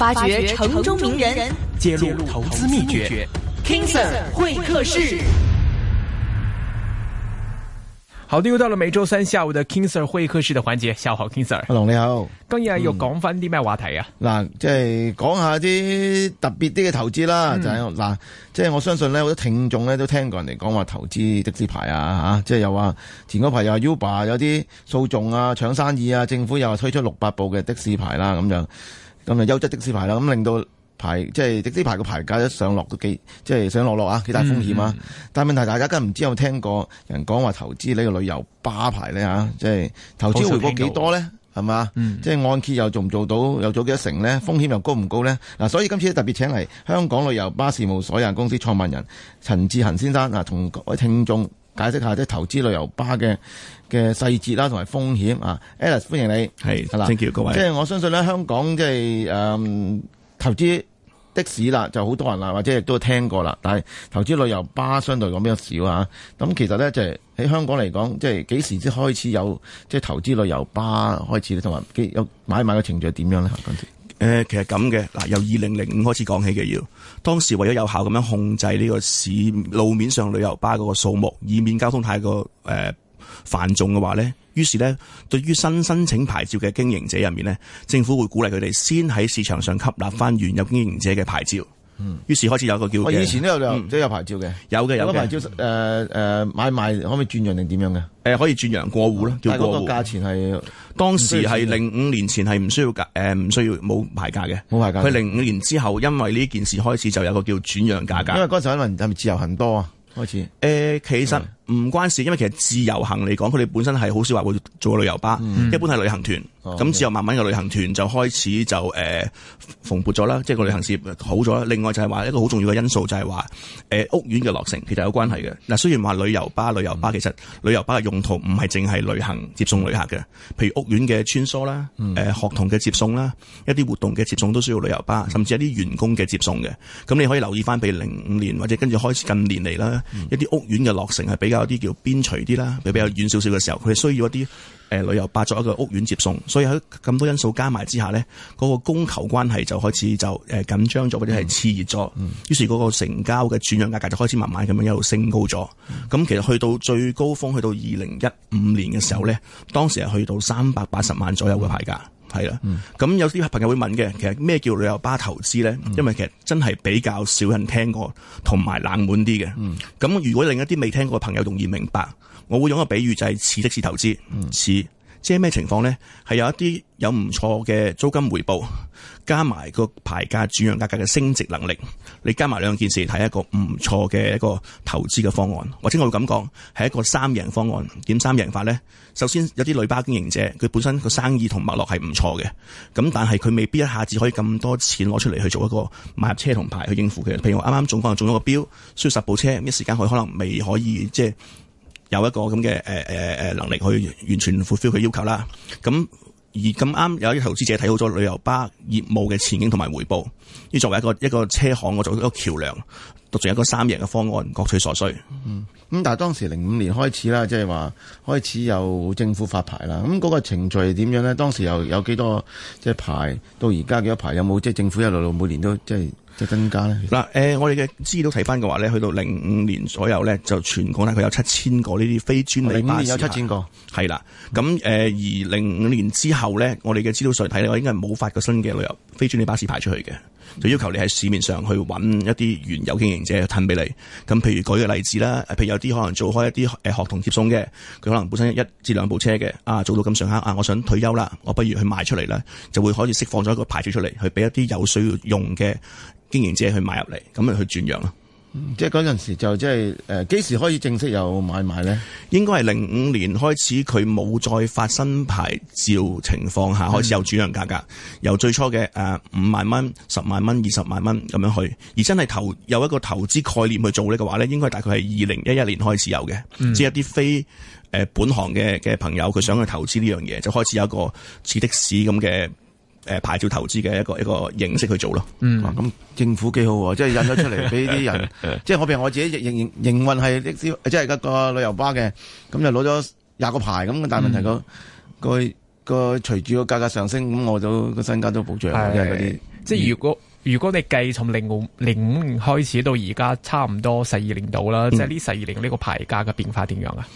發掘城中名人，揭露投資秘訣。King 金 Sir 會客室，好啲又到了每周三下午的 King Sir 會客室的環節。下午好，King Sir，hello 你好，今日又講翻啲咩話題啊？嗱、嗯嗯，即係講下啲特別啲嘅投資啦。就係嗱，即係我相信咧，好多聽眾咧都聽過人嚟講話投資的士牌啊吓、啊，即係又話前嗰排又話 Uber 有啲訴訟啊，搶生意啊，政府又話推出六百部嘅的士牌啦，咁就。咁啊，優質的士牌啦，咁令到牌即係、就是、的士牌個牌價一上落都幾，即、就、係、是、上落落啊，幾大風險啊！嗯、但係問題大家梗係唔知有冇聽過人講話投資呢個旅遊巴牌咧嚇，即、啊、係、就是、投資回報幾多咧，係嘛？嗯、即係按揭又做唔做到，又做幾多成咧？風險又高唔高咧？嗱、啊，所以今次特別請嚟香港旅遊巴士務所有限公司創辦人陳志恆先生啊，同各位聽眾。解釋下即係投資旅遊巴嘅嘅細節啦，同埋風險啊 Alice 歡迎你，h 係好啦，歡迎的的各位。即係我相信咧，香港即係誒、嗯、投資的士啦，就好多人啦，或者亦都聽過啦。但係投資旅遊巴相對嚟講比較少啊。咁其實咧就係、是、喺香港嚟講，即係幾時先開始有即係投資旅遊巴開始咧，同埋有買賣嘅程序點樣咧？誒其實咁嘅，嗱由二零零五開始講起嘅要，當時為咗有效咁樣控制呢個市路面上旅遊巴嗰個數目，以免交通太過誒、呃、繁重嘅話咧，於是咧對於新申請牌照嘅經營者入面咧，政府會鼓勵佢哋先喺市場上吸納返原有經營者嘅牌照。於是開始有一個叫我、哦、以前都有都、嗯、有牌照嘅，有嘅的有嘅。個牌照誒誒、嗯、呃，買賣可唔可以轉讓定點樣嘅？誒、呃，可以轉讓過戶咯，嗯、叫過戶，但係嗰個價錢係當時係零五年前係唔需要價誒，唔、呃、需要冇牌價嘅，冇牌價。佢零五年之後，因為呢件事開始就有個叫轉讓價格、嗯。因為嗰陣時可能係咪自由行多啊？開始誒、呃，其實。唔關事，因為其實自由行嚟講，佢哋本身係好少話會做旅遊巴，嗯、一般係旅行團。咁自由慢慢個旅行團就開始就誒蓬、呃、勃咗啦，即係個旅行事業好咗。另外就係話一個好重要嘅因素就係話誒屋苑嘅落成其實有關係嘅。嗱，雖然話旅遊巴旅遊巴其實旅遊巴嘅用途唔係淨係旅行接送旅客嘅，譬如屋苑嘅穿梭啦、誒、呃、學童嘅接送啦、嗯、一啲活動嘅接送都需要旅遊巴，甚至一啲員工嘅接送嘅。咁你可以留意翻譬如零五年或者跟住開始近年嚟啦，一啲屋苑嘅落成係比較。有啲叫邊陲啲啦，佢比，比較遠少少嘅時候，佢需要一啲誒旅遊巴作一個屋苑接送，所以喺咁多因素加埋之下咧，嗰、那個供求關係就開始就誒緊張咗，或者係熾熱咗，嗯、於是嗰個成交嘅轉讓價格就開始慢慢咁樣一路升高咗。咁、嗯、其實去到最高峰，去到二零一五年嘅時候咧，當時係去到三百八十萬左右嘅牌價。嗯嗯嗯係啦，咁、嗯、有啲朋友會問嘅，其實咩叫旅遊巴投資咧？嗯、因為其實真係比較少人聽過，同埋冷門啲嘅。咁、嗯、如果另一啲未聽過嘅朋友容易明白，我會用一個比喻就係、是、似的士投資，似、嗯。即係咩情況咧？係有一啲有唔錯嘅租金回報，加埋個牌價轉讓價格嘅升值能力，你加埋兩件事，睇一個唔錯嘅一個投資嘅方案。或者我會咁講，係一個三贏方案。點三贏法咧？首先有啲旅巴經營者，佢本身個生意同脈絡係唔錯嘅，咁但係佢未必一下子可以咁多錢攞出嚟去做一個買車同牌去應付嘅。譬如我啱啱中港又中咗個標，需要十部車，一時間佢可能未可以即係。有一個咁嘅誒誒誒能力去完全 fulfill 佢要求啦。咁而咁啱有啲投資者睇好咗旅遊巴業務嘅前景同埋回報，而作為一個一個車行，我做一個橋樑。讀住一個三贏嘅方案，各取所需。嗯，咁但係當時零五年開始啦，即係話開始有政府發牌啦。咁嗰個程序點樣咧？當時又有，有幾多即係牌？到而家幾多牌？有冇即係政府一路路每年都即係即增加咧？嗱、嗯，誒、呃，我哋嘅資料睇翻嘅話咧，去到零五年左右咧，就全港咧，佢有七千個呢啲非專利巴士牌。有七千個。係啦，咁誒、呃，而零五年之後咧，我哋嘅資料上睇咧，我應該係冇發過新嘅旅遊非專利巴士牌出去嘅。就要求你喺市面上去揾一啲原有經營者去吞俾你，咁譬如舉個例子啦，譬如有啲可能做開一啲誒學童接送嘅，佢可能本身一至兩部車嘅，啊做到咁上刻啊，我想退休啦，我不如去賣出嚟啦，就會可以釋放咗一個牌子出嚟，去俾一啲有需要用嘅經營者去買入嚟，咁咪去轉讓咯。即係嗰陣時就即係誒，幾、呃、時開始正式有買賣咧？應該係零五年開始，佢冇再發新牌照情況下，開始有轉讓價格，嗯、由最初嘅誒五萬蚊、十萬蚊、二十萬蚊咁樣去。而真係投有一個投資概念去做呢嘅話咧，應該大概係二零一一年開始有嘅，即係、嗯、一啲非誒、呃、本行嘅嘅朋友，佢想去投資呢樣嘢，嗯、就開始有一個似的士咁嘅。誒，牌照投資嘅一個一個形式去做咯。嗯，咁政府幾好，即係引咗出嚟俾啲人。 即係我譬如我自己營營營運係啲，即係一個旅遊巴嘅，咁就攞咗廿個牌咁。但、那、係、個、問題個、嗯、個個隨住個價格上升，咁我就個身家都保障是即係如果如果你計從零五零五年開始到而家，差唔多十二年度啦，即係呢十二年呢個牌價嘅變化點樣啊？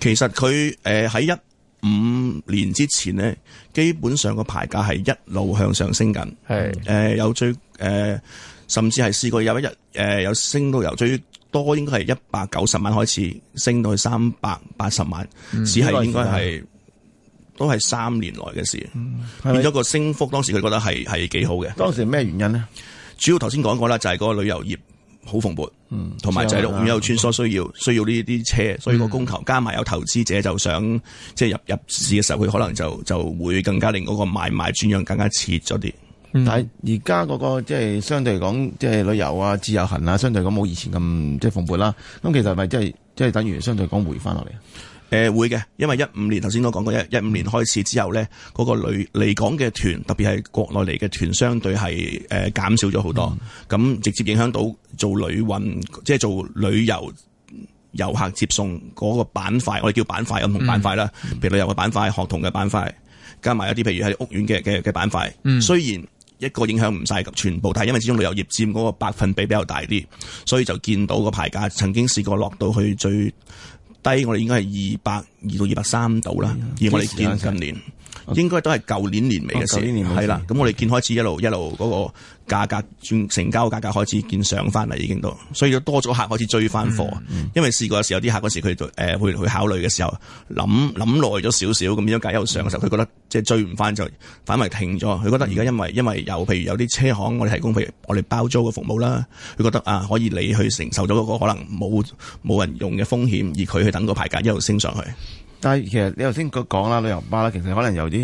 其實佢誒喺一。五年之前咧，基本上個牌價係一路向上升緊。係誒是、呃，有最誒、呃，甚至係試過有一日誒、呃，有升到由最多應該係一百九十萬開始，升到去三百八十萬，嗯、只係應該係都係三年來嘅事。嗯、變咗個升幅，當時佢覺得係係幾好嘅。當時咩原因咧？主要頭先講過啦，就係、是、個旅遊業。好蓬勃，嗯，同埋就喺六五一路穿梭需要、嗯、需要呢啲車，嗯、所以個供求加埋有投資者就想即係、就是、入入市嘅時候，佢可能就就會更加令嗰個買賣轉讓更加切咗啲。嗯、但係而家嗰個即係、就是、相對嚟講，即、就、係、是、旅遊啊、自由行啊，相對嚟講冇以前咁即係蓬勃啦。咁其實係咪即係即係等於相對嚟講回翻落嚟？誒，會嘅，因為一五年頭先都講過，一一五年開始之後咧，嗰、嗰個旅嚟港嘅團，特別係國內嚟嘅團，相對係誒減少咗好多，咁、嗯、直接影響到做旅運，即係做旅遊遊客接送嗰個板塊，我哋叫板塊唔同板塊啦，譬、嗯、如旅遊嘅板塊、學童嘅板塊，加埋一啲譬如喺屋苑嘅嘅嘅板塊。嗯、雖然一個影響唔晒全部，但係因為始終旅遊業佔嗰個百分比比較大啲，所以就見到個牌價曾經試過落到去最。低，我哋應該係二百二到二百三度啦，嗯、而我哋見今年。應該都係舊年年尾嘅事，係、哦、冇錯啦。咁我哋見開始一路一路嗰個價格轉成交嘅價格開始見上翻嚟，已經都所以都多咗客開始追翻貨。因為試過有時有啲客嗰時佢誒會去考慮嘅時候，諗諗耐咗少少咁，變咗價一路上嘅時候，佢、嗯、覺得即係追唔翻就反為停咗。佢覺得而家因為因為有譬如有啲車行我哋提供譬如我哋包租嘅服務啦，佢覺得啊可以你去承受到嗰個可能冇冇人用嘅風險，而佢去等個牌價一路升上去。但係其實你頭先佢講啦，旅遊巴啦，其實可能有啲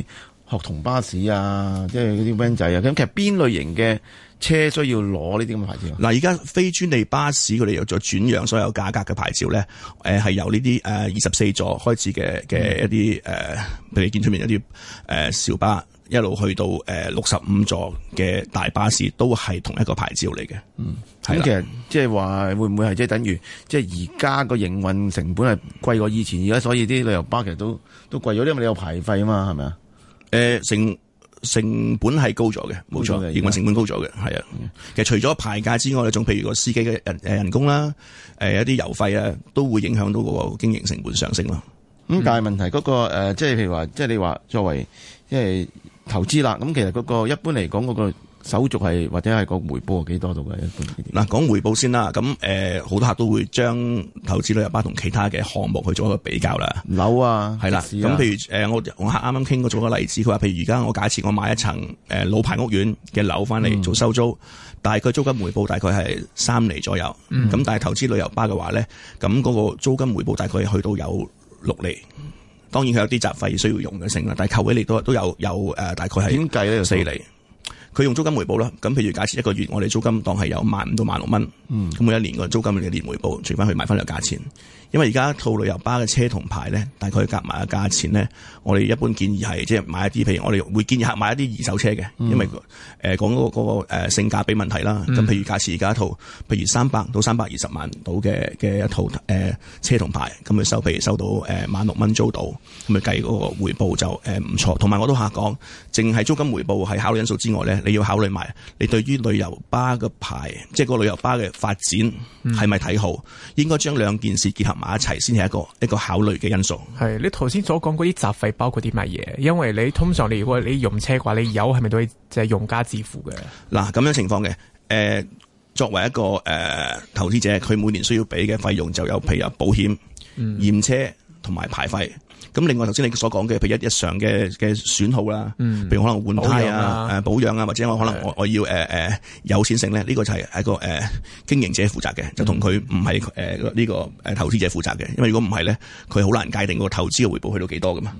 學童巴士啊，即係嗰啲 van 仔啊，咁其實邊類型嘅車需要攞呢啲咁嘅牌照？嗱，而家非專利巴士佢哋又再轉讓所有價格嘅牌照咧，誒係由呢啲誒二十四座開始嘅嘅一啲誒、呃，譬如你見出面有啲誒小巴。一路去到誒六十五座嘅大巴士都係同一個牌照嚟嘅，嗯，咁的其實會會即係話會唔會係即係等於即係而家個營運成本係貴過以前，而家所以啲旅遊巴其實都都貴咗，因為你有牌費啊嘛，係咪啊？誒、呃，成成本係高咗嘅，冇錯嘅，營運成本高咗嘅，係啊。嗯、其實除咗牌價之外，仲譬如個司機嘅人誒人工啦，誒、呃、一啲油費啊，的都會影響到個經營成本上升咯。咁、嗯嗯、但係問題嗰個即係譬如話，即係你話作為即係。投資啦，咁其實嗰個一般嚟講嗰個手續係或者係個回報係幾多度嘅？嗱，講回報先啦，咁誒好多客都會將投資旅遊巴同其他嘅項目去做一個比較啦。樓啊，係啦，咁、啊、譬如誒、呃、我同客啱啱傾過做一個例子，佢話譬如而家我假設我買一層誒老牌屋苑嘅樓翻嚟做收租，嗯、大概租金回報大概係三厘左右，咁、嗯、但係投資旅遊巴嘅話咧，咁、那、嗰個租金回報大概去到有六厘。當然佢有啲雜費需要用嘅成本啦，但係扣起嚟都都有有誒、呃，大概係點計咧個四厘。佢用租金回報啦。咁譬如假設一個月我哋租金當係有萬五到萬六蚊，咁、嗯、每一年個租金嘅年回報，除翻去買翻個價錢。因為而家一套旅遊巴嘅車同牌咧，大概夾埋嘅價錢咧，我哋一般建議係即係買一啲，譬如我哋會建議客買一啲二手車嘅，因為誒、呃、講個個誒性價比問題啦。咁、嗯、譬如假設而家一套，譬如三百到三百二十萬到嘅嘅一套誒、呃、車同牌，咁佢收，譬如收到誒、呃、萬六蚊租到，咁咪計個回報就誒唔、呃、錯，同埋我都客講淨係租金回報係考慮因素之外咧，你要考慮埋你對於旅遊巴嘅牌，即係個旅遊巴嘅發展係咪睇好？應該將兩件事結合埋。一齊先係一個一個考慮嘅因素。係你頭先所講嗰啲雜費包括啲乜嘢？因為你通常你如果你用車嘅話，你有係咪都係即係用家自付嘅？嗱咁樣情況嘅，誒、呃，作為一個誒、呃、投資者，佢每年需要俾嘅費用就有譬如有保險、嗯、驗車。同埋牌費，咁另外頭先你所講嘅，譬如一日常嘅嘅損耗啦，譬、嗯、如可能換胎啊、誒保養啊，養或者我可能我我要誒誒有錢性咧，呢個就係一個誒經營者負責嘅，就同佢唔係誒呢個誒投資者負責嘅，因為如果唔係咧，佢好難界定個投資嘅回報去到幾多㗎嘛。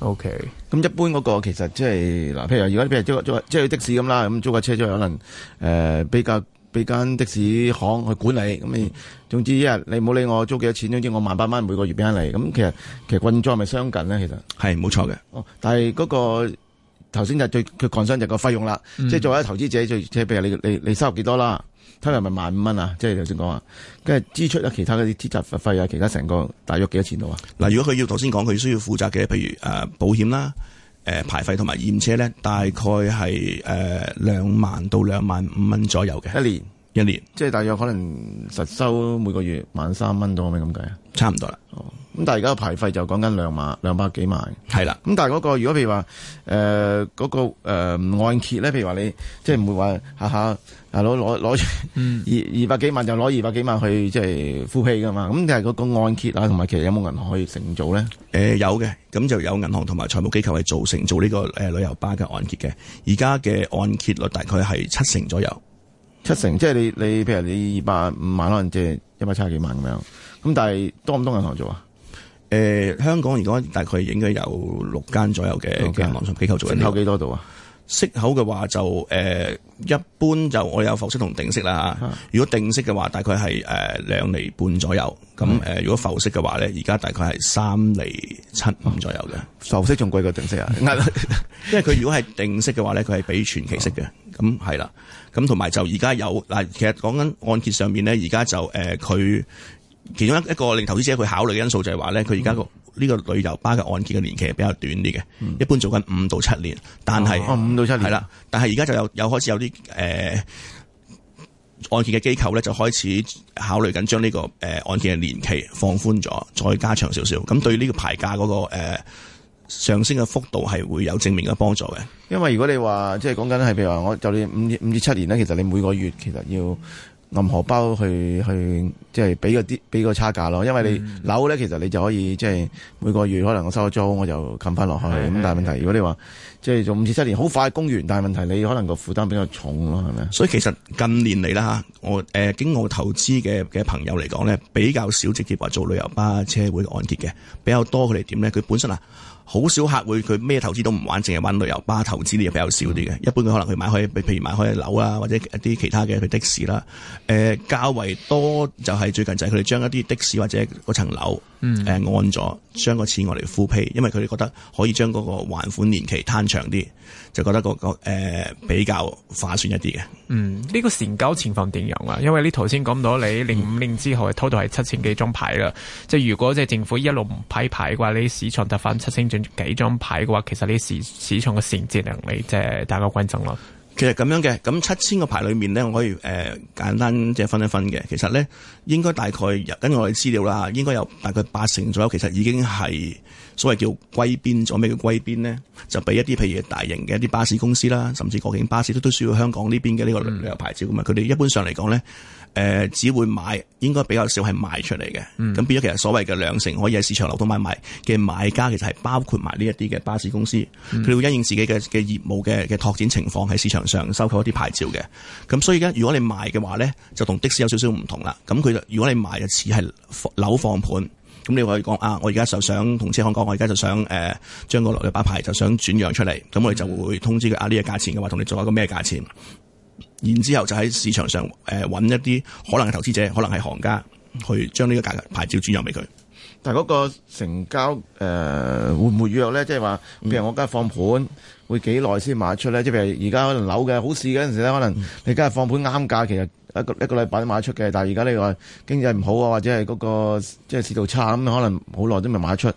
OK，咁一般嗰、那個其實即係嗱，譬如如果譬如即係即係的士咁啦，咁租架車就可能誒、呃、比較。俾間的士行去管理，咁你總之一日你唔好理我租幾多錢，總之我萬八蚊每個月俾翻你。咁其實其實運作係咪相近咧，其實係冇錯嘅。哦，但係嗰、嗰個頭先就最佢講商就個費用啦。嗯、即係作為投資者最，即係譬如你你你收入幾多啦？聽日咪萬五蚊啊！即係頭先講啊，跟住支出啊，其他啲鐵雜費啊，其他成個大約幾多錢到啊？嗱，如果佢要頭先講佢需要負責嘅，譬如誒、呃、保險啦。誒、呃、牌費同埋驗車咧，大概係誒兩萬到兩萬五蚊左右嘅一年。 一年即係大約可能實收每個月萬三蚊到，咪咁計啊？差唔多啦。咁、哦、但係而家個牌費就講緊兩萬兩百幾萬。係啦的，咁但係、那、嗰個如果譬如話誒嗰個誒、呃、按揭咧，譬如話你即係唔會話下下係咯攞攞二二百幾萬就攞二百幾萬去即係呼氣噶嘛？咁但係嗰個按揭啊，同埋其實有冇銀行可以承做咧？誒、呃，有嘅，咁就有銀行同埋財務機構係做成做呢個誒旅遊巴嘅按揭嘅。而家嘅按揭率大概係七成左右。七成，即係你你，譬如你二百五萬啦，即係一百七十幾萬咁樣。咁但係多唔多銀行做啊？誒、呃，香港而家大概應該有六間左右嘅銀行上機構做緊，有幾多度啊？這個、息口嘅話就誒、呃，一般就我有浮息同定息啦吓。嗯、如果定息嘅話，大概係誒兩厘半左右。咁誒、嗯，如果浮息嘅話咧，而家大概係三厘七五左右嘅。浮息仲貴過定息啊？ 因為佢如果係定息嘅話咧，佢係俾全期息嘅。咁係啦。咁同埋就而家有嗱，其實講緊按揭上面咧，而家就誒佢、呃、其中一一個令投資者去考慮嘅因素就係話咧，佢而家個呢個旅遊巴嘅按揭嘅年期係比較短啲嘅，嗯、一般做緊五到七年，但係五到七年係啦，但係而家就有有開始有啲誒按揭嘅機構咧，就開始考慮緊將呢、呢個誒按揭嘅年期放寬咗，再加長少少。咁對呢個牌價嗰、那個、呃上升嘅幅度係會有正面嘅幫助嘅，因為如果你話即係講緊係，譬如話我就你五五至七年咧，其實你每個月其實要暗荷包去去即係俾個啲俾個差價咯。因為你樓咧，其實你就可以即係每個月可能我收咗租我就冚翻落去咁。但係問題如果你話即係做五至七年好快供完，但係問題你可能個負擔比較重咯，係咪啊？所以其實近年嚟啦嚇，我誒境外投資嘅嘅朋友嚟講咧，比較少直接話做旅遊巴車會按揭嘅，比較多佢哋點咧？佢本身啊。好少客會，佢咩投資都唔玩，淨係玩旅遊巴投資啲嘢比較少啲嘅。一般佢可能佢買開，譬如買開樓啊，或者一啲其他嘅的，的，的士啦。誒、呃，較為多就係最近就係佢哋將一啲的士或者嗰層樓。嗯，誒按咗將個錢我嚟付俾，因為佢哋覺得可以將嗰個還款年期攤長啲，就覺得嗰、那個、呃、比較划算一啲嘅。嗯，呢、這個成交情況點樣啊？因為你頭先講到你零五年之後係、嗯、拖到係七千幾張牌啦，即係如果即係政府一路唔批牌嘅話，你市場得返七千幾張牌嘅話，其實你市市場嘅承接能力即係大家均增咯。其實咁樣嘅，咁七千個牌裏面咧，我可以誒、呃、簡單即係分一分嘅。其實咧，應該大概根據我哋資料啦，應該有大概八成左右，其實已經係所謂叫歸邊咗。咩叫歸邊咧，就俾一啲譬如大型嘅一啲巴士公司啦，甚至過境巴士都都需要香港呢邊嘅呢個旅遊牌照嘅嘛。佢哋、嗯、一般上嚟講咧。誒、呃、只會買，應該比較少係賣出嚟嘅。咁、嗯、變咗，其實所謂嘅兩成可以喺市場流通買賣嘅買家，其實係包括埋呢一啲嘅巴士公司，佢、嗯、會因應自己嘅嘅業務嘅嘅拓展情況喺市場上收購一啲牌照嘅。咁所以而家如果你賣嘅話咧，就同的士有少少唔同啦。咁佢就，如果你賣嘅似係樓放盤，咁你可以講啊，我而家就想同車行講，我而家就想誒將個落去把牌就想轉讓出嚟。咁我哋就會通知佢啊，呢個價錢嘅話，同你做一個咩價錢？然之後就喺市場上誒揾一啲可能嘅投資者，可能係行家去將呢個價格牌照轉讓俾佢。但係嗰個成交誒、呃、會唔會弱咧？即係話，譬如我而家放盤，會幾耐先賣出咧？即係譬如而家可能樓嘅好市嗰陣時咧，可能你而家放盤啱價，其實一個一個禮拜都賣得出嘅。但係而家你話經濟唔好啊，或者係嗰、嗰個即係市道差咁，可能好耐都未賣得出。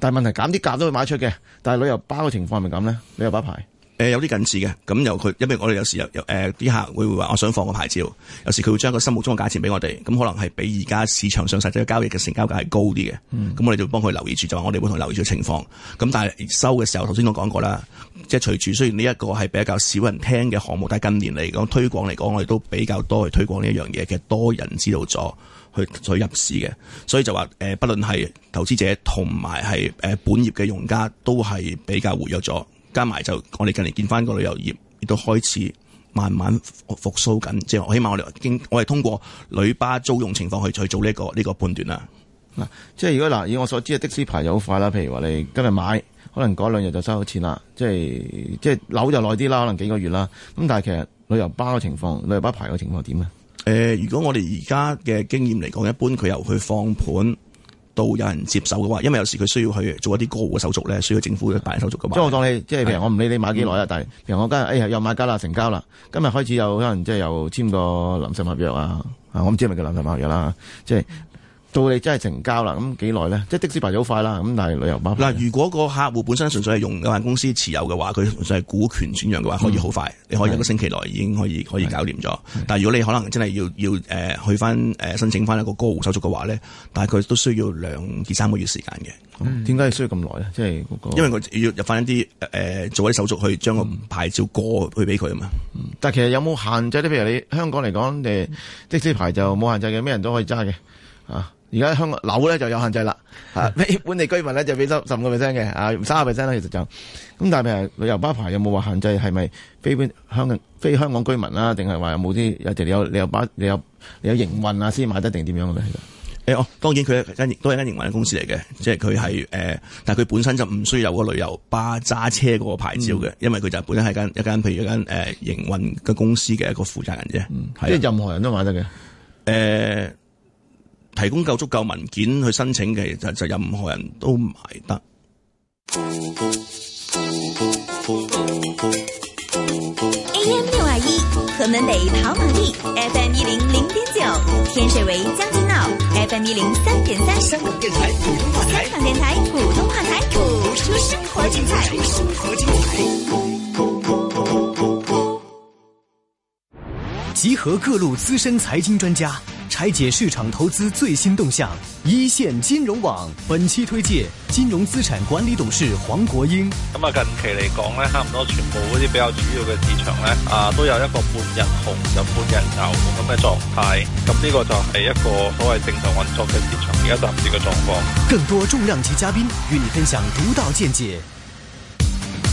但係問題減啲價都會賣得出嘅。但係旅遊包嘅情況係咪咁咧？旅遊包牌？誒有啲近似嘅，咁由佢，因為我哋有時有有誒啲客會會話，我想放個牌照，有時佢會將個心目中嘅價錢俾我哋，咁可能係比而家市場上實際嘅交易嘅成交價係高啲嘅。咁、嗯、我哋就幫佢留意住，就話我哋會同佢留意住情況。咁但係收嘅時候，頭先都講過啦，即係隨住雖然呢一個係比較少人聽嘅項目，但係近年嚟講推廣嚟講，我哋都比較多去推廣呢一樣嘢，其實多人知道咗去去入市嘅，所以就話誒，不、呃、論係投資者同埋係誒本業嘅用家，都係比較活躍咗。加埋就我哋近年見翻個旅遊業亦都開始慢慢復甦緊，即係起碼我哋經我係通過旅巴租用情況去去做呢、呢個呢、呢個判斷啦。嗱，即係如果嗱以我所知嘅的，的士牌就好快啦，譬如話你今日買，可能嗰兩日就收咗錢啦。即係即係樓就耐啲啦，可能幾個月啦。咁但係其實旅遊巴嘅情況，旅遊巴牌嘅情況點啊？誒、呃，如果我哋而家嘅經驗嚟講，一般佢由佢放盤。都有人接手嘅話，因為有時佢需要去做一啲過戶嘅手續咧，需要政府嘅辦手續嘅嘛。即係我當你，即、嗯、係譬如我唔理你買幾耐啊，但係譬如我今日哎呀又買家啦，成交啦，今日開始有可能即係又簽個臨時合約啊，啊我唔知係咪叫臨時合約啦，即、就、係、是。到你真係成交啦，咁幾耐咧？即係的士牌就好快啦，咁但係旅遊包嗱，如果個客戶本身純粹係用有限公司持有嘅話，佢純粹係股權轉讓嘅話，可以好快，嗯、你可以一個星期內已經可以、嗯、可以搞掂咗。嗯、但係如果你可能真係要要誒去翻誒申請翻一個過戶手續嘅話咧，大概都需要兩至三個月時間嘅。點解、嗯、需要咁耐咧？即、就、係、是那個、因為佢要入翻一啲誒、呃、做一啲手續去將個牌照過去俾佢啊嘛。嗯嗯、但係其實有冇限制？譬如你香港嚟講誒的士牌就冇限制嘅，咩人都可以揸嘅啊。而家香港樓咧就有限制啦，啊是，非本地居民咧就俾得十五個 percent 嘅，啊，三十個 percent 啦，其實就咁。但係譬如旅遊巴牌有冇話限制？係咪非香港非香港居民啦、啊？定係話有冇啲有條有你有巴你有你有，有營運啊先買得定點樣嘅？誒、欸，我、哦、當然佢一間亦都一間營運公司嚟嘅，即係佢係誒，但係佢本身就唔需要有個旅遊巴揸車嗰個牌照嘅，嗯、因為佢就本身係一間一間譬如一間誒、呃、營運嘅公司嘅一個負責人啫、嗯，即係任何人都買得嘅，誒、嗯。提供夠足夠文件去申請嘅，就就任何人都買得。AM 六二一，河門北跑馬地；FM 一零零點九，9，天水圍將軍澳；FM 一零三點三，香港電台普通話台。香港電台普通話台，生活精彩。生活精彩。集合各路資深財經專家。拆解市場投資最新動向，一綫金融網。本期推介金融資產管理董事黃國英。咁啊，近期嚟講咧，差唔多全部嗰啲比較主要嘅市場咧，啊，都有一個半日紅又半日牛咁嘅狀態。咁呢個就係一個所謂正常運作嘅市場而家暫時嘅狀況。更多重量級嘉賓與你分享獨到見解。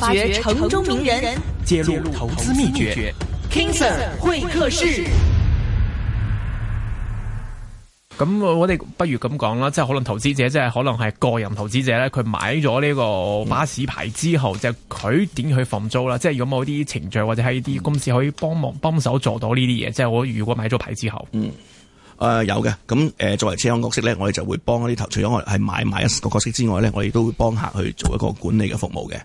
發掘城中名人，揭露投資秘訣。King Sir 會客室。咁我哋不如咁講啦，即係可能投資者，即係可能係個人投資者咧，佢買咗呢個巴士牌之後，嗯、就佢點去放租啦？即係有冇啲程序或者係啲公司可以幫忙幫手做到呢啲嘢？即係我如果買咗牌之後，嗯，誒、呃，有嘅。咁誒，作為車行角色咧，我哋就會幫啲投除咗我係買買一個角色之外咧，我哋都會幫客去做一個管理嘅服務嘅。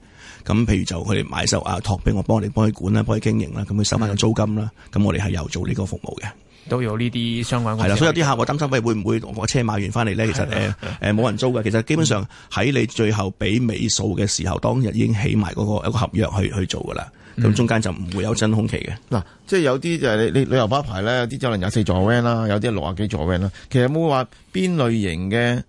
咁譬如就佢哋買收啊託俾我，幫我哋幫佢管啦，幫佢經營啦，咁佢收翻個租金啦，咁、嗯、我哋係又做呢個服務嘅，都有呢啲相關。係啦，所以有啲客我擔心，喂、嗯，會唔會我車買完翻嚟咧？的其實誒誒冇人租嘅，其實基本上喺你最後俾尾數嘅時候，當日已經起埋嗰個一個合約去去做噶啦。咁、嗯、中間就唔會有真空期嘅。嗱、嗯，即係有啲就係、是、你旅遊巴牌排咧，有啲就可能廿四座 van 啦，有啲六廿幾座 van 啦。其實冇話邊類型嘅誒、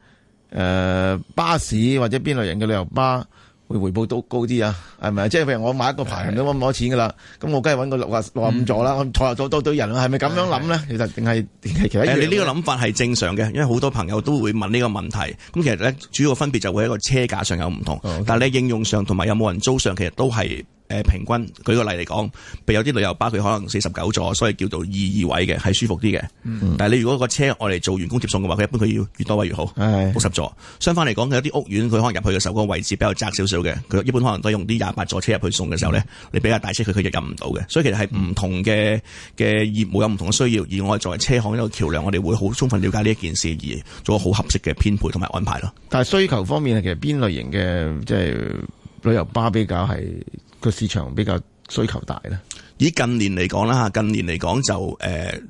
呃、巴士或者邊類型嘅旅遊巴。會回報都高啲啊，係咪啊？即係譬如我買一個牌，我都冇乜錢㗎啦，咁我梗係搵個六啊六啊五座啦，我、嗯、坐下坐下多對人，係咪咁樣諗咧？係係其實定係誒，其實你呢個諗法係正常嘅，因為好多朋友都會問呢個問題。咁其實咧，主要分別就會喺個車架上有唔同，哦 okay. 但係應用上同埋有冇人租上，其實都係。誒、呃，平均舉個例嚟講，譬如有啲旅遊巴佢可能四十九座，所以叫做二二位嘅，係舒服啲嘅。嗯、但係你如果個車我哋做員工接送嘅話，佢一般佢要越多位越好，係五十座。相反嚟講，佢有啲屋苑佢可能入去嘅時候個位置比較窄少少嘅，佢一般可能都用啲廿八座車入去送嘅時候咧，嗯、你比較大車佢佢就入唔到嘅。所以其實係唔同嘅、嘅、嗯、業務有唔同嘅需要，而我哋作為車行一個橋樑，我哋會好充分了解呢一件事而做個好合適嘅編配同埋安排咯。但係需求方面其實邊類型嘅即係。旅遊巴比較係個市場比較需求大咧。以近年嚟講啦吓，近年嚟講就誒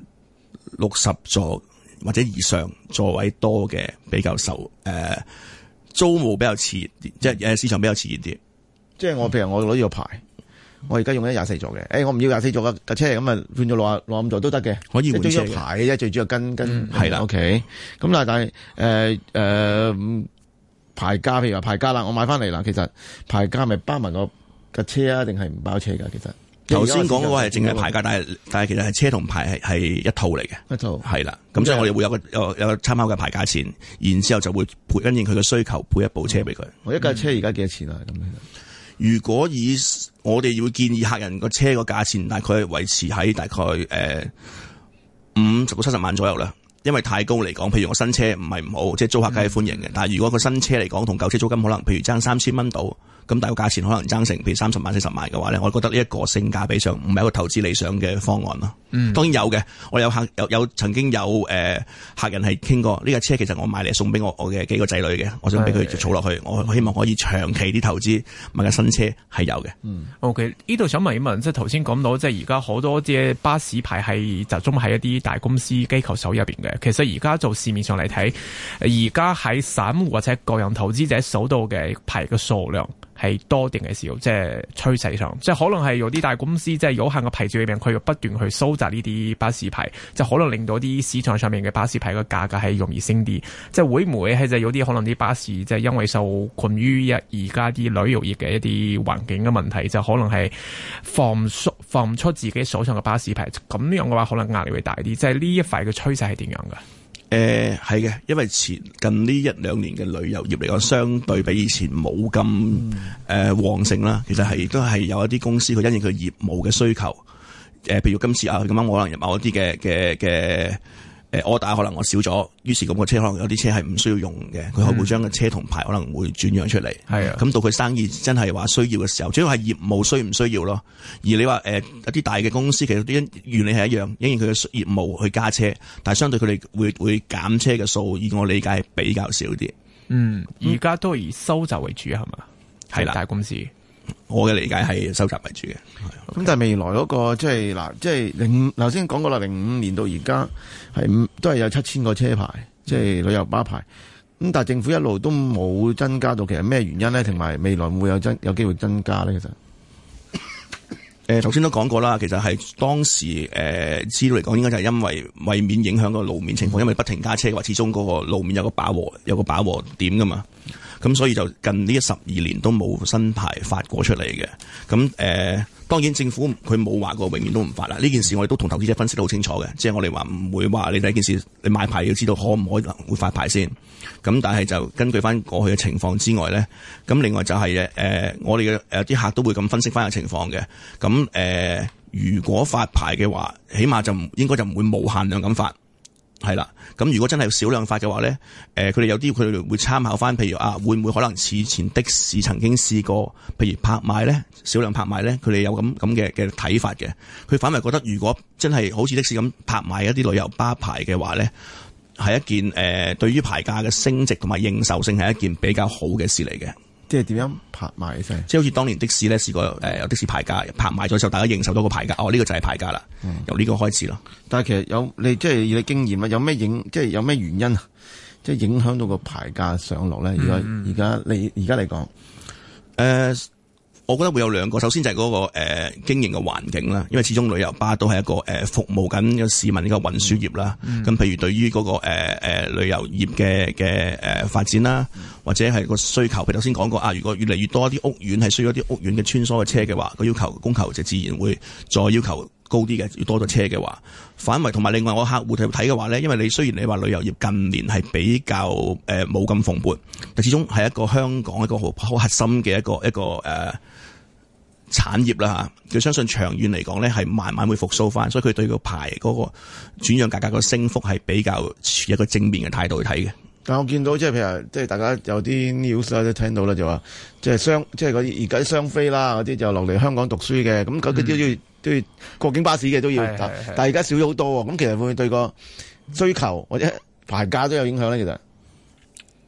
六十座或者以上座位多嘅比較受誒、呃、租務比較遲，即係誒市場比較遲啲。即係我譬如我攞呢個牌，我而家用咗廿四座嘅，誒、欸、我唔要廿四座架架車，咁啊換咗六啊六五座都得嘅，可以換車。牌啫，最主要跟、嗯、跟係啦。O K，咁啦，okay 嗯、但係誒誒。呃呃呃牌價譬如話牌價啦，我買翻嚟啦，其實牌價咪包埋個架車啊，定係唔包車噶？其實頭先講個話係淨係牌價，但係但係其實係車同牌係係一套嚟嘅，一套係啦。咁所以我哋會有個有有個參考嘅牌價錢，然之後就會配跟住佢嘅需求配一部車俾佢。我一架車而家幾多錢啊？咁如果以我哋要建議客人個車個價錢，大概維持喺大概誒五十到七十萬左右啦。因為太高嚟講，譬如個新車唔係唔好，即係租客梗係歡迎嘅。但係如果個新車嚟講，同舊車租金可能，譬如爭三千蚊到。咁但係個價錢可能爭成，譬如三十萬四十萬嘅話咧，我覺得呢一個性價比上唔係一個投資理想嘅方案咯。嗯，當然有嘅，我有客有有曾經有誒、呃、客人係傾過呢架、這個、車，其實我買嚟送俾我我嘅幾個仔女嘅，我想俾佢儲落去，嗯、我希望可以長期啲投資買架新車係有嘅。OK，呢度想問一問，即係頭先講到即係而家好多啲巴士牌係集中喺一啲大公司機構手入邊嘅，其實而家做市面上嚟睇，而家喺散戶或者個人投資者手度嘅牌嘅數量？係多定嘅時候，即係趨勢上，即係可能係有啲大公司即係有限嘅牌照嘅，佢要不斷去收集呢啲巴士牌，就可能令到啲市場上面嘅巴士牌嘅價格係容易升啲。即係會唔會係就有啲可能啲巴士，即係因為受困於一而家啲旅遊業嘅一啲環境嘅問題，就可能係放唔出，放唔出自己手上嘅巴士牌。咁樣嘅話，可能壓力會大啲。即係呢一塊嘅趨勢係點樣嘅？誒，係嘅、呃，因為前近呢一兩年嘅旅遊業嚟講，相對比以前冇咁誒旺盛啦。其實係亦都係有一啲公司佢因應佢業務嘅需求，誒、呃，譬如今次啊，咁樣我可能入某一啲嘅嘅嘅。誒，柯打可能我少咗，於是咁個車可能有啲車係唔需要用嘅，佢可會將個車同牌可能會轉讓出嚟。係啊、嗯，咁到佢生意真係話需要嘅時候，主要係業務需唔需要咯。而你話誒、呃、一啲大嘅公司，其實啲原理係一樣，因為佢嘅業務去加車，但係相對佢哋會會減車嘅數，以我理解係比較少啲。嗯，而家都係以收集為主係嘛？係啦，嗯、的大公司。我嘅理解係收集為主嘅，咁 Okay. 但係未來嗰個即係嗱，即係零，頭先講過啦，零五年到而家係都係有七千個車牌，即係旅遊巴牌，咁但係政府一路都冇增加到，其實咩原因咧？同埋未來會有增有機會增加咧？ 其實，誒，頭先都講過啦，其實係當時誒，資料嚟講，應該就係因為為免影響個路面情況，嗯、因為不停加車嘅話，始終嗰個路面有個飽和，有個飽和點噶嘛。咁所以就近呢十二年都冇新牌發過出嚟嘅。咁誒、呃，當然政府佢冇話過永遠都唔發啦。呢件事我哋都同投資者分析得好清楚嘅，即係我哋話唔會話你第一件事，你買牌要知道可唔可能會發牌先。咁但係就根據翻過去嘅情況之外咧，咁另外就係、是、誒、呃，我哋嘅誒啲客都會咁分析翻個情況嘅。咁誒、呃，如果發牌嘅話，起碼就應該就唔會無限量咁發。係啦，咁如果真係有少量化嘅話咧，誒、呃，佢哋有啲佢哋會參考翻，譬如啊，會唔會可能此前的士曾經試過，譬如拍賣咧，少量拍賣咧，佢哋有咁咁嘅嘅睇法嘅，佢反而覺得如果真係好似的士咁拍賣一啲旅遊巴牌嘅話咧，係一件誒、呃、對於牌價嘅升值同埋認受性係一件比較好嘅事嚟嘅。即係點樣拍賣嘅？即係好似當年的士咧，試過誒，有的士牌價拍賣咗之後，大家認受到個牌價哦，呢、這個就係牌價啦。嗯、由呢個開始咯。但係其實有你即係以你經驗啊，有咩影？即係有咩原因啊？即係影響到個牌價上落咧？而家而家你而家嚟講誒。我覺得會有兩個，首先就係嗰個誒經營嘅環境啦，因為始終旅遊巴都係一個誒服務緊市民呢個運輸業啦。咁譬如對於嗰個誒旅遊業嘅嘅誒發展啦，或者係個需求，譬如頭先講過啊，如果越嚟越多啲屋苑係需要一啲屋苑嘅穿梭嘅車嘅話，個要求供求就自然會再要求高啲嘅，要多咗車嘅話，反為同埋另外我客戶睇嘅話咧，因為你雖然你話旅遊業近年係比較誒冇咁蓬勃，但始終係一個香港一個好核心嘅一個一個誒。產業啦嚇，佢相信長遠嚟講咧係慢慢會復甦翻，所以佢對個牌嗰個轉讓價格個升幅係比較有一個正面嘅態度去睇嘅。但我見到即係譬如即係大家有啲 news 都聽到啦，就話即係雙即係嗰而家雙飛啦嗰啲就落嚟香港讀書嘅，咁嗰啲都要都要過境巴士嘅都要，嗯、但係而家少咗好多喎。咁、嗯、其實會唔會對個追求或者牌價都有影響咧？其實？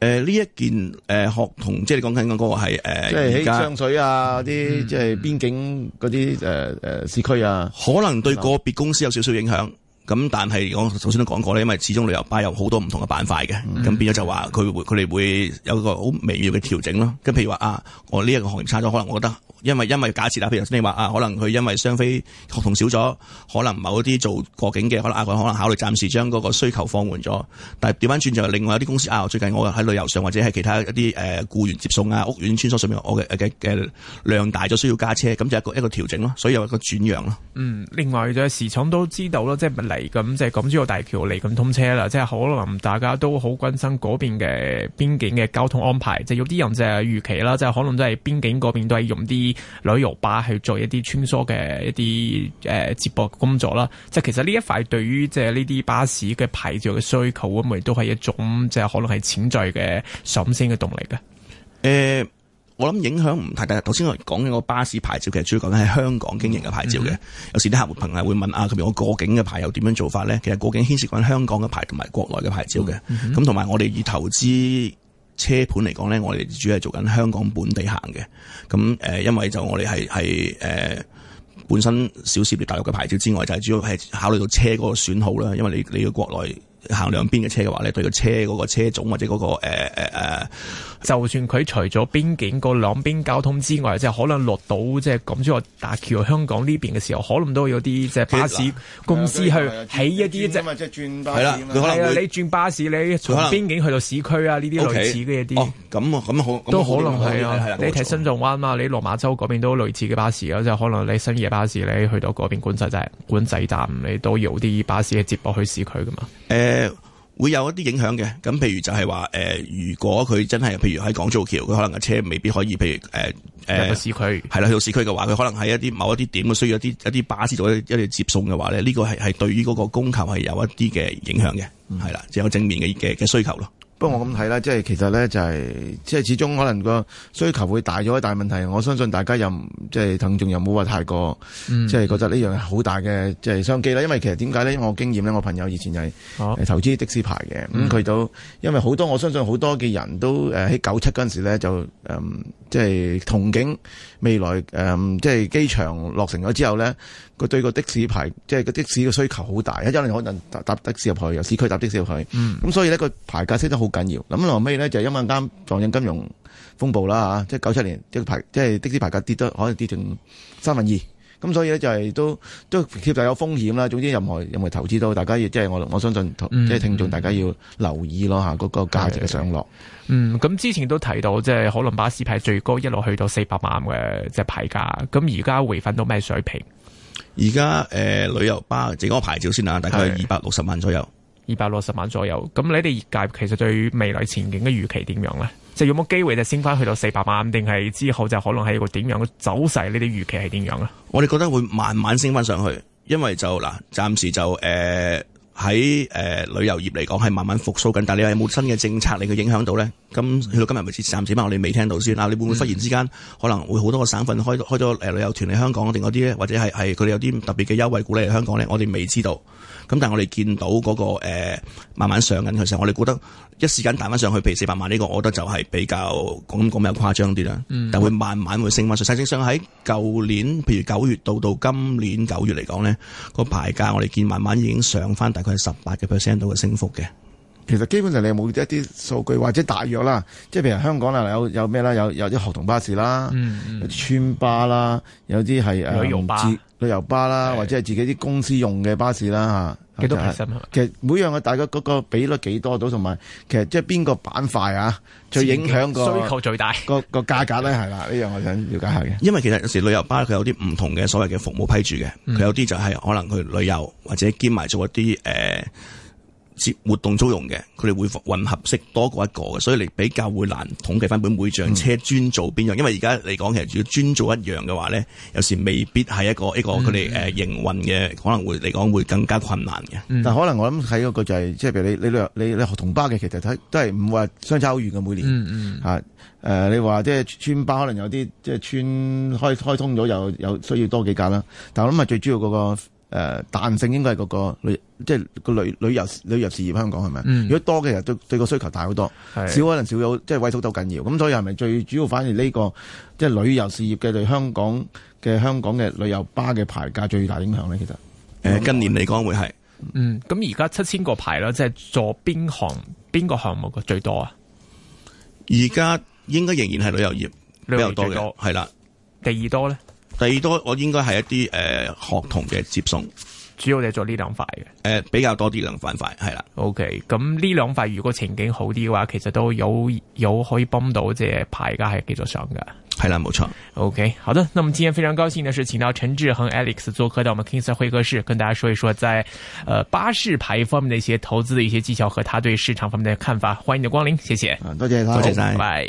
誒、呢、呃、一件誒、呃、學同、就是呃、即係講緊講嗰個係誒，即係喺上水啊，啲，即係邊境嗰啲誒誒市區啊，可能對個別公司有少少影響。咁但係我首先都講過咧，因為始終旅遊巴有好多唔同嘅板塊嘅，咁、嗯、變咗就話佢會佢哋會有一個好微妙嘅調整咯。咁譬如話啊，我呢一個行業差咗，可能我覺得。因為因為假設啦，譬如你話啊，可能佢因為雙非學童少咗，可能某啲做過境嘅，可能啊佢可能考慮暫時將嗰個需求放緩咗。但係調翻轉就另外一啲公司啊，最近我喺旅遊上或者係其他一啲誒僱員接送啊、屋苑穿梭上面，我嘅嘅量大咗，需要加車，咁就一個一個調整咯。所以有一個轉讓咯。嗯，另外就時常都知道咯，即係嚟緊即係港珠澳大橋嚟緊通車啦，即係可能大家都好關心嗰邊嘅邊境嘅交通安排。即係有啲人就係預期啦，即係可能都係邊境嗰邊都係用啲旅遊巴去做一啲穿梭嘅一啲誒、呃、接駁工作啦，即係其實呢一塊對於即係呢啲巴士嘅牌照嘅需求咁，咪都係一種即係可能係潛在嘅上升嘅動力嘅。誒、呃，我諗影響唔太大，但頭先我講嘅個巴士牌照其實主要講緊係香港經營嘅牌照嘅。有時啲客戶朋友會問啊，譬如我過境嘅牌又點樣做法咧？其實過境牽涉緊香港嘅牌同埋國內嘅牌照嘅。咁同埋我哋以投資。車盤嚟講咧，我哋主要係做緊香港本地行嘅。咁誒，因為就我哋係係誒本身少涉獵大陸嘅牌照之外，就係、是、主要係考慮到車嗰個損耗啦。因為你你嘅國內，行兩邊嘅車嘅話咧，你對個車嗰個車種或者嗰、那個誒誒誒，呃呃、就算佢除咗邊境個兩邊交通之外，即係可能落到、就是、即係港珠澳大橋香港呢邊嘅時候，可能都有啲即係實巴士公司去起一啲即係轉巴佢可能你轉巴士，你從邊境去到市區啊，呢啲類似嘅一啲。哦，咁咁都可能係啊、欸。你睇深圳灣啊，你落馬洲嗰邊都類似嘅巴士啊，即就是、可能你深夜巴士你去到嗰邊管制站、管制站，你都有啲巴士嘅接駁去市區噶嘛。誒、欸。誒，會有一啲影響嘅。咁譬如就係話，誒、呃，如果佢真係，譬如喺港珠橋，佢可能個車未必可以，譬如誒，誒、呃，去到市區係啦，去到市區嘅話，佢可能喺一啲某一啲點，需要一啲一啲巴士做一一啲接送嘅話咧，呢、這個係係對於嗰個供求係有一啲嘅影響嘅，係啦、嗯，有正面嘅嘅嘅需求咯。不過我咁睇啦，即係其實咧就係，即係始終可能個需求會大咗一大問題。我相信大家又即係騰仲又冇話太過，即係覺得呢樣係好大嘅即係商機啦。因為其實點解咧？我經驗咧，我朋友以前就係投資的士牌嘅。咁佢都因為好多我相信好多嘅人都誒，喺九七嗰陣時咧就誒，即係憧憬未來誒，即係機場落成咗之後咧，佢對個的士牌即係個的士嘅需求好大，因啲可能搭的士入去，由市區搭的士入去。咁所以呢個牌價升得好緊要，咁落尾咧就因為啱撞印金融風暴啦，吓，即係九七年即係牌，即係的士牌價跌得可能跌成三分二，咁所以咧就係都都其實有風險啦。總之任何任何投資都，大家要即係我我相信，即係、嗯、聽眾大家要留意咯吓，嗰個價值嘅上落。嗯，咁之前都提到即係可能巴士牌最高一路去到四百萬嘅即係牌價，咁而家回翻到咩水平？而家誒旅遊巴即係嗰個牌照先啊，大概二百六十萬左右。二百六十萬左右，咁你哋業界其實對未來前景嘅預期點樣呢？即係有冇機會就升翻去到四百萬，定係之後就可能係一個點樣嘅走勢？你哋預期係點樣咧？我哋覺得會慢慢升翻上去，因為就嗱，暫時就誒。呃喺誒、呃、旅遊業嚟講係慢慢復甦緊，但係你話有冇新嘅政策令佢影響到咧？咁去到今日未知暫時，我哋未聽到先。嗱、啊，你會唔會忽然之間、嗯、可能會好多個省份開開咗誒旅遊團嚟香港定嗰啲，或者係係佢哋有啲特別嘅優惠鼓勵嚟香港咧？我哋未知道。咁但係我哋見到嗰、那個、呃、慢慢上緊，其實我哋覺得一時間彈翻上去譬如四百萬呢、這個，我覺得就係比較咁樣誇張啲啦。嗯嗯嗯、但會慢慢會升翻上。實際上喺舊年譬如九月到到今年九月嚟講咧，那個牌價我哋見慢慢已經上翻，但係係十八嘅 percent 度嘅升幅嘅。其實基本上你有冇一啲數據或者大約啦？即係譬如香港啦，有有咩啦？有有啲學童巴士啦，嗯、村巴啦，有啲係誒旅遊巴啦是，或者係自己啲公司用嘅巴士啦吓。幾多 percent 啊？其實每樣嘅大概嗰、那個比率幾多度，同埋其實即係邊個板塊啊，最影響個需求最大個個價格咧係啦？呢樣、這個、我想了解下嘅。因為其實有時旅遊巴佢有啲唔同嘅所謂嘅服務批注嘅，佢、嗯、有啲就係可能去旅遊或者兼埋做一啲誒。呃接活動租用嘅，佢哋會混合式多過一個嘅，所以嚟比較會難統計翻本每樣車專做邊樣，因為而家嚟講其實如果專做一樣嘅話咧，有時未必係一個一個佢哋誒營運嘅可能會嚟講會更加困難嘅。嗯、但可能我諗睇嗰個就係、係，即係譬如你你你你學同巴嘅，其實睇都係唔會話相差好遠嘅每年。嗯嗯。啊呃、你話即係村巴可能有啲即係村開開通咗又又需要多幾架啦。但係我諗係最主要嗰、嗰個。誒，彈、呃、性應該係嗰個旅，即係個旅旅遊旅遊事業，香港係咪、嗯、如果多嘅人對對個需求大好多，的少可能少咗，即係位數都好緊要。咁所以係咪最主要，反而呢、這個即係旅遊事業嘅對香港嘅香港嘅旅遊巴嘅牌價最大影響咧？其實誒，嗯、今年嚟講會係，嗯，咁而家七千個牌啦，即係做邊行邊個項目嘅最多啊？而家、嗯、應該仍然係旅遊業比較多嘅，係啦、嗯，2 第二多咧。2 第 多呢第二多我應該係一啲誒、呃、學童嘅接送，主要就係做呢兩塊嘅，誒、呃、比較多啲兩塊塊係啦。OK，咁呢兩塊如果前景好啲嘅話，其實都有有可以幫到即係牌家係繼續上噶。係啦，冇錯。OK，好的，咁我哋今天非常高興的是，請到陳志恒 Alex 做客到我們 King Sir、er、會客室，跟大家說一說在、呃、巴士牌方面嘅一些投資嘅一些技巧，和他對市場方面嘅看法。歡迎你嘅光臨，謝謝。多謝，多謝拜。